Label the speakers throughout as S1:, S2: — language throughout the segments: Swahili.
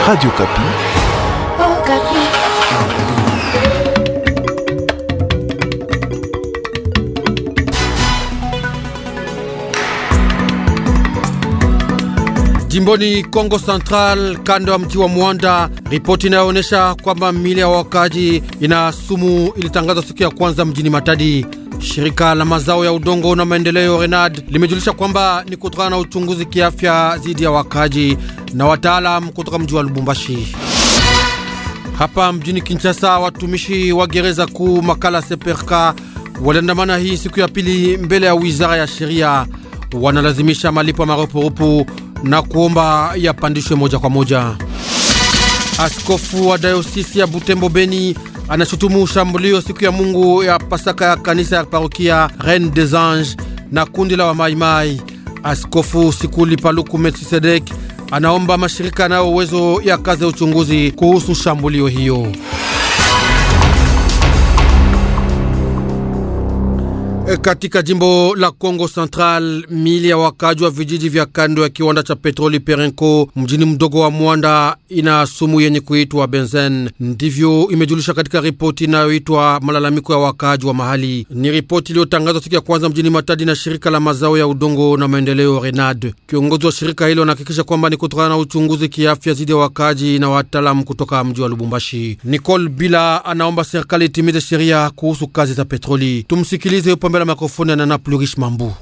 S1: Radio Kapi.
S2: Oh, Kapi.
S3: Jimboni Kongo Central kando ya mji wa Mwanda, ripoti inayoonyesha kwamba mili ya wakaji ina sumu ilitangazwa siku ya kwanza mjini Matadi. Shirika la mazao ya udongo na maendeleo Renad limejulisha kwamba ni kutokana na uchunguzi kiafya dhidi ya wakaji na wataalam kutoka mji wa Lubumbashi. Hapa mjini Kinshasa, watumishi wa gereza kuu Makala Seperka waliandamana hii siku ya pili mbele ya wizara ya sheria, wanalazimisha malipo ya marupurupu na kuomba yapandishwe moja kwa moja. Askofu wa dayosisi ya Butembo Beni anashutumu shambulio siku ya Mungu ya Pasaka ya kanisa ya parokia Reine des Anges na kundi la wamaimai. Askofu Sikuli Paluku Melchisedek anaomba mashirika nayo uwezo ya kazi ya uchunguzi kuhusu shambulio hiyo. Eh, katika jimbo la Kongo Central, mili ya wakaji wa vijiji vya kando ya kiwanda cha petroli Perenco mjini mdogo wa Mwanda ina sumu yenye kuitwa benzen. Ndivyo imejulisha katika ripoti inayoitwa malalamiko ya wakaji wa mahali. Ni ripoti iliyotangazwa siku ya kwanza mjini Matadi na shirika la mazao ya udongo na maendeleo RENAD. Kiongozi wa shirika hilo anahakikisha kwamba ni kutokana na uchunguzi kiafya zidi ya wakaji na wataalamu kutoka mji wa Lubumbashi. Nicole Bila anaomba serikali itimize sheria kuhusu kazi za petroli. Tumsikilize upambe mbele ya makrofoni na Plurish Mambu.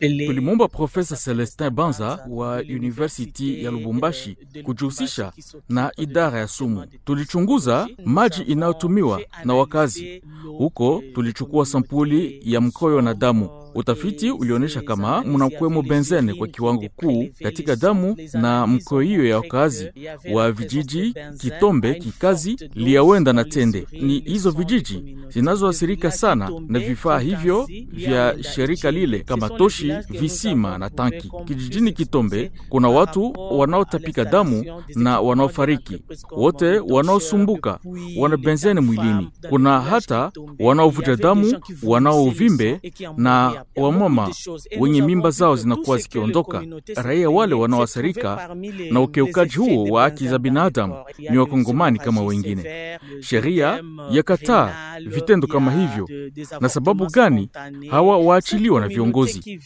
S2: Tulimwomba Profesa Celestin Banza wa University ya Lubumbashi kujihusisha na idara ya sumu. Tulichunguza maji inayotumiwa na wakazi huko, tulichukua sampuli ya mkoyo na damu Utafiti ulionyesha kama mnakuwemo benzene kwa kiwango kuu katika damu na mkoio ya wakazi wa vijiji Kitombe, Kikazi, Liawenda na Tende. Ni hizo vijiji zinazoathirika sana na vifaa hivyo vya shirika lile kama toshi, visima na tanki. Kijijini Kitombe kuna watu wanaotapika damu na wanaofariki wote, wanaosumbuka wana benzene mwilini. Kuna hata wanaovuja damu, wanaouvimbe na wamama wenye mimba zao zinakuwa zikiondoka. Raia wale wanaoathirika na ukiukaji huo wa haki za binadamu ni wakongomani kama wengine. Sheria yakataa vitendo kama hivyo, na sababu gani hawa waachiliwa na viongozi?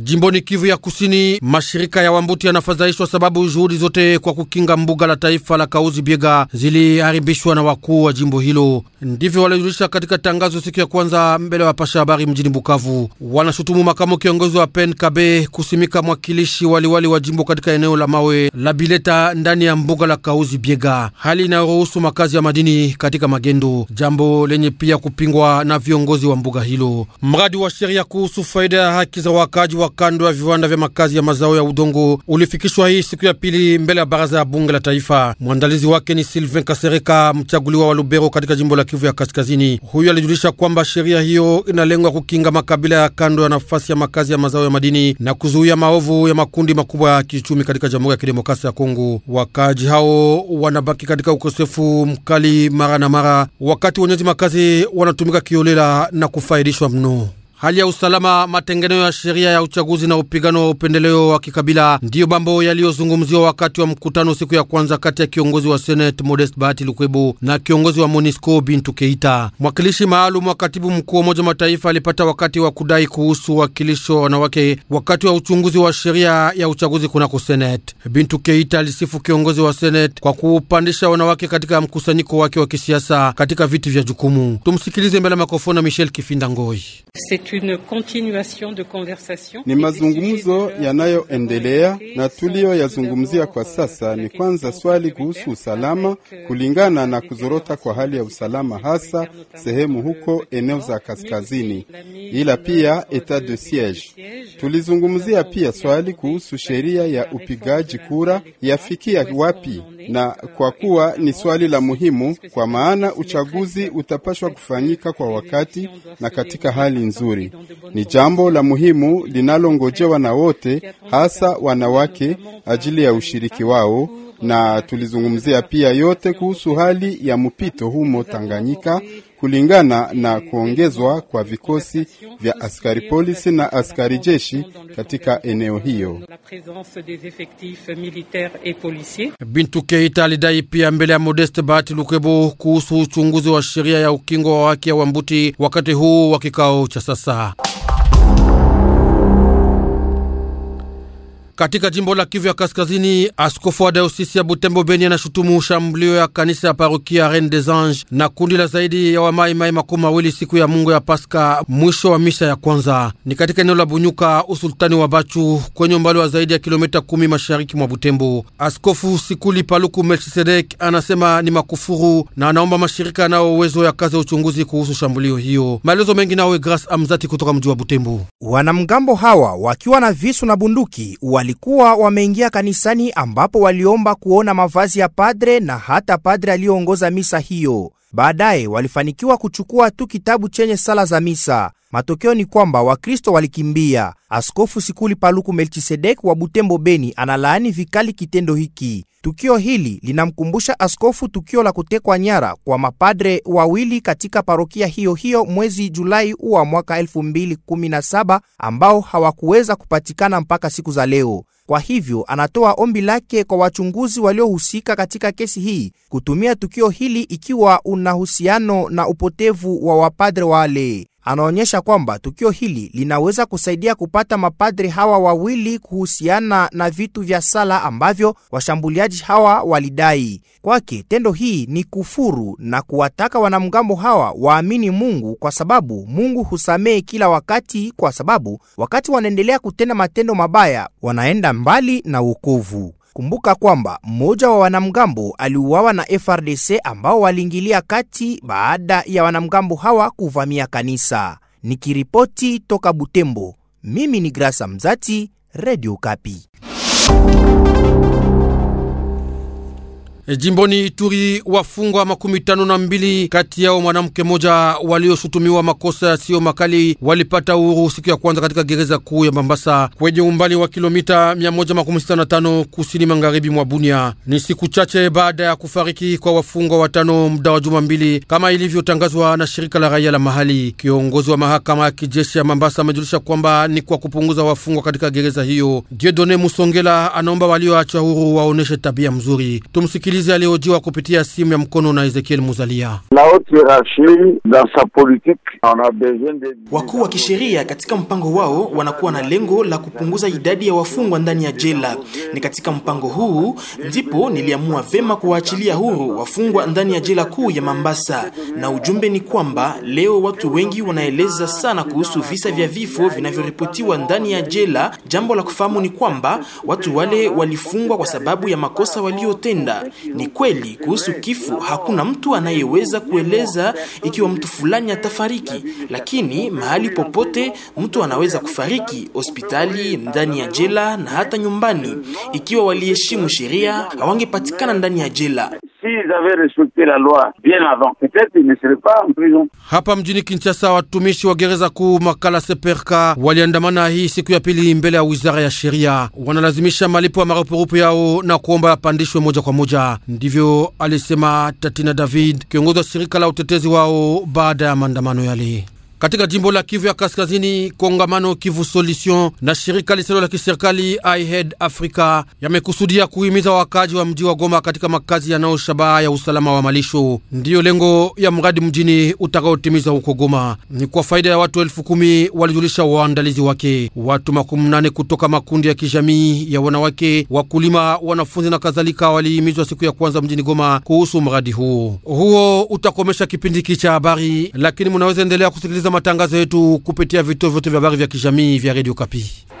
S2: Jimboni Kivu ya
S3: Kusini, mashirika ya Wambuti yanafadhaishwa sababu juhudi zote kwa kukinga mbuga la taifa la Kauzi Biega ziliharibishwa na wakuu wa jimbo hilo. Ndivyo walijulisha katika tangazo siku ya kwanza kwanza mbele ya wapasha habari mjini Bukavu wanashutumu makamu kiongozi wa PEN Kabe kusimika mwakilishi waliwali wa jimbo katika eneo la mawe la Bileta ndani ya mbuga la Kauzi Biega, hali inayoruhusu makazi ya madini katika magendo, jambo lenye pia kupingwa na viongozi wa mbuga hilo. Mradi wa sheria kuhusu faida ya haki za wakaji wa kando ya viwanda vya makazi ya mazao ya udongo ulifikishwa hii siku ya pili mbele ya baraza ya bunge la taifa. Mwandalizi wake ni Sylvain Kasereka, mchaguliwa wa Lubero katika jimbo la Kivu ya Kaskazini. Huyu alijulisha kwamba Sheria hiyo inalengwa kukinga makabila ya kando ya nafasi ya makazi ya mazao ya madini na kuzuia maovu ya makundi makubwa ya kiuchumi katika Jamhuri ya Kidemokrasia ya Kongo. Wakaaji hao wanabaki katika ukosefu mkali mara na mara, wakati wenyeji makazi wanatumika kiolela na kufaidishwa mno. Hali ya usalama, matengenezo ya sheria ya uchaguzi na upigano wa upendeleo wa kikabila ndiyo mambo yaliyozungumziwa wakati wa mkutano siku ya kwanza kati ya kiongozi wa Senate Modest Bahati Lukwebo na kiongozi wa MONUSCO Bintu Keita. Mwakilishi maalum wa katibu mkuu wa Umoja Mataifa alipata wakati wa kudai kuhusu wakilisho wa wanawake wakati wa uchunguzi wa sheria ya uchaguzi kunako Senate. Bintu Keita alisifu kiongozi wa Senate kwa kuupandisha wanawake katika mkusanyiko wake wa kisiasa katika viti vya jukumu. Tumsikilize mbele ya makofona Michel
S2: Kifinda Ngoi. Ni mazungumzo yanayoendelea na tuliyoyazungumzia kwa sasa ni kwanza swali kuhusu usalama, euh, kulingana na kuzorota kwa hali ya usalama, hasa sehemu huko eneo za kaskazini, ila pia etat de siege. Tulizungumzia pia swali kuhusu sheria ya upigaji kura yafikia wapi na kwa kuwa ni swali la muhimu, kwa maana uchaguzi utapashwa kufanyika kwa wakati na katika hali nzuri. Ni jambo la muhimu linalongojewa na wote, hasa wanawake, ajili ya ushiriki wao na tulizungumzia pia yote kuhusu hali ya mpito humo Tanganyika kulingana na kuongezwa kwa vikosi vya askari polisi na askari jeshi katika eneo hiyo.
S3: Bintu Keita alidai pia mbele ya Modeste Bahati Lukebo kuhusu uchunguzi wa sheria ya ukingo wa haki ya Wambuti wakati huu wa kikao cha sasa. Katika jimbo la Kivu ya Kaskazini, askofu wa dayosisi ya Butembo Beni anashutumu shambulio ya kanisa ya parokia Reine des Anges na kundi la zaidi ya wamaimai makumi mawili siku ya Mungu ya paska mwisho wa misa ya kwanza. Ni katika eneo la Bunyuka, usultani wa Bachu, kwenye umbali wa zaidi ya kilomita kumi mashariki mwa Butembo. Askofu Sikuli Paluku Melchisedek anasema ni makufuru na anaomba mashirika yanayo uwezo ya kazi ya uchunguzi kuhusu shambulio hiyo. Maelezo
S1: mengi nawe Gras Amzati kutoka mji wa Butembo. Wanamgambo hawa wakiwa na visu na bunduki wali walikuwa wameingia kanisani ambapo waliomba kuona mavazi ya padre na hata padre aliyoongoza misa hiyo. Baadaye walifanikiwa kuchukua tu kitabu chenye sala za misa. Matokeo ni kwamba Wakristo walikimbia. Askofu Sikuli Paluku Melchisedek wa Butembo Beni analaani vikali kitendo hiki. Tukio hili linamkumbusha askofu tukio la kutekwa nyara kwa mapadre wawili katika parokia hiyo hiyo mwezi Julai wa mwaka 2017 ambao hawakuweza kupatikana mpaka siku za leo. Kwa hivyo anatoa ombi lake kwa wachunguzi waliohusika katika kesi hii kutumia tukio hili ikiwa una uhusiano na upotevu wa wapadre wale anaonyesha kwamba tukio hili linaweza kusaidia kupata mapadri hawa wawili kuhusiana na vitu vya sala ambavyo washambuliaji hawa walidai. Kwake tendo hii ni kufuru na kuwataka wanamgambo hawa waamini Mungu kwa sababu Mungu husamehe kila wakati, kwa sababu wakati wanaendelea kutenda matendo mabaya wanaenda mbali na wokovu. Kumbuka kwamba mmoja wa wanamgambo aliuawa na FRDC ambao waliingilia kati baada ya wanamgambo hawa kuvamia kanisa. Nikiripoti toka Butembo, mimi ni Grasa Mzati, Radio Kapi.
S3: E, jimboni Ituri wafungwa makumi tano na mbili kati yao mwanamke moja walioshutumiwa makosa yasiyo makali walipata uhuru siku ya kwanza katika gereza kuu ya Mambasa kwenye umbali wa kilomita 165 kusini magharibi mwa Bunia. Ni siku chache baada ya kufariki kwa wafungwa watano muda wa juma mbili kama ilivyotangazwa na shirika la raia la mahali. Kiongozi wa mahakama ya kijeshi ya Mambasa amejulisha kwamba ni kwa kupunguza wafungwa katika gereza hiyo. Diedone Musongela anaomba walioachwa huru waoneshe tabia mzuri. Tumsikilize mashambulizi aliojiwa kupitia simu ya mkono na Ezekiel Muzalia la haute hiérarchie dans sa politique on a besoin de... Wakuu wa kisheria katika mpango wao wanakuwa na lengo la kupunguza idadi ya wafungwa ndani ya jela. Ni katika mpango huu ndipo niliamua vema kuwaachilia huru wafungwa ndani ya jela kuu ya Mambasa, na ujumbe ni kwamba leo watu wengi wanaeleza sana kuhusu visa vya vifo vinavyoripotiwa ndani ya jela. Jambo la kufahamu ni kwamba watu wale walifungwa kwa sababu ya makosa waliotenda. Ni kweli kuhusu kifo, hakuna mtu anayeweza kueleza ikiwa mtu fulani atafariki, lakini mahali popote mtu anaweza kufariki, hospitali, ndani ya jela na
S2: hata nyumbani. Ikiwa waliheshimu sheria, hawangepatikana ndani ya jela
S3: s'ils avaient respecté la loi bien avant, peut-être ils ne seraient pas en prison. Hapa mjini Kinshasa, watumishi wa gereza kuu Makala Seperka waliandamana hii siku ya pili mbele ya wizara ya sheria, wanalazimisha malipo ya marupurupu yao na kuomba yapandishwe moja kwa moja. Ndivyo alisema Tatina David, kiongozi wa shirika la utetezi wao baada ya maandamano yale. Katika jimbo la Kivu ya Kaskazini, kongamano Kivu Solution na shirika lisilo la kiserikali IHED Africa yamekusudia kuhimiza wakaaji wa mji wa Goma katika makazi yanayo shabaha ya usalama wa malisho. Ndiyo lengo ya mradi mjini utakaotimiza huko Goma ni kwa faida ya watu elfu kumi walijulisha waandalizi wake. Watu makumi nane kutoka makundi ya kijamii ya wanawake, wakulima, wanafunzi na kadhalika walihimizwa siku ya kwanza mjini Goma kuhusu mradi huo. Huo utakomesha kipindi hiki cha habari, lakini munaweza endelea kusikiliza kusikiliza matangazo yetu kupitia vituo vyote vya habari vya kijamii vya Radio Kapi.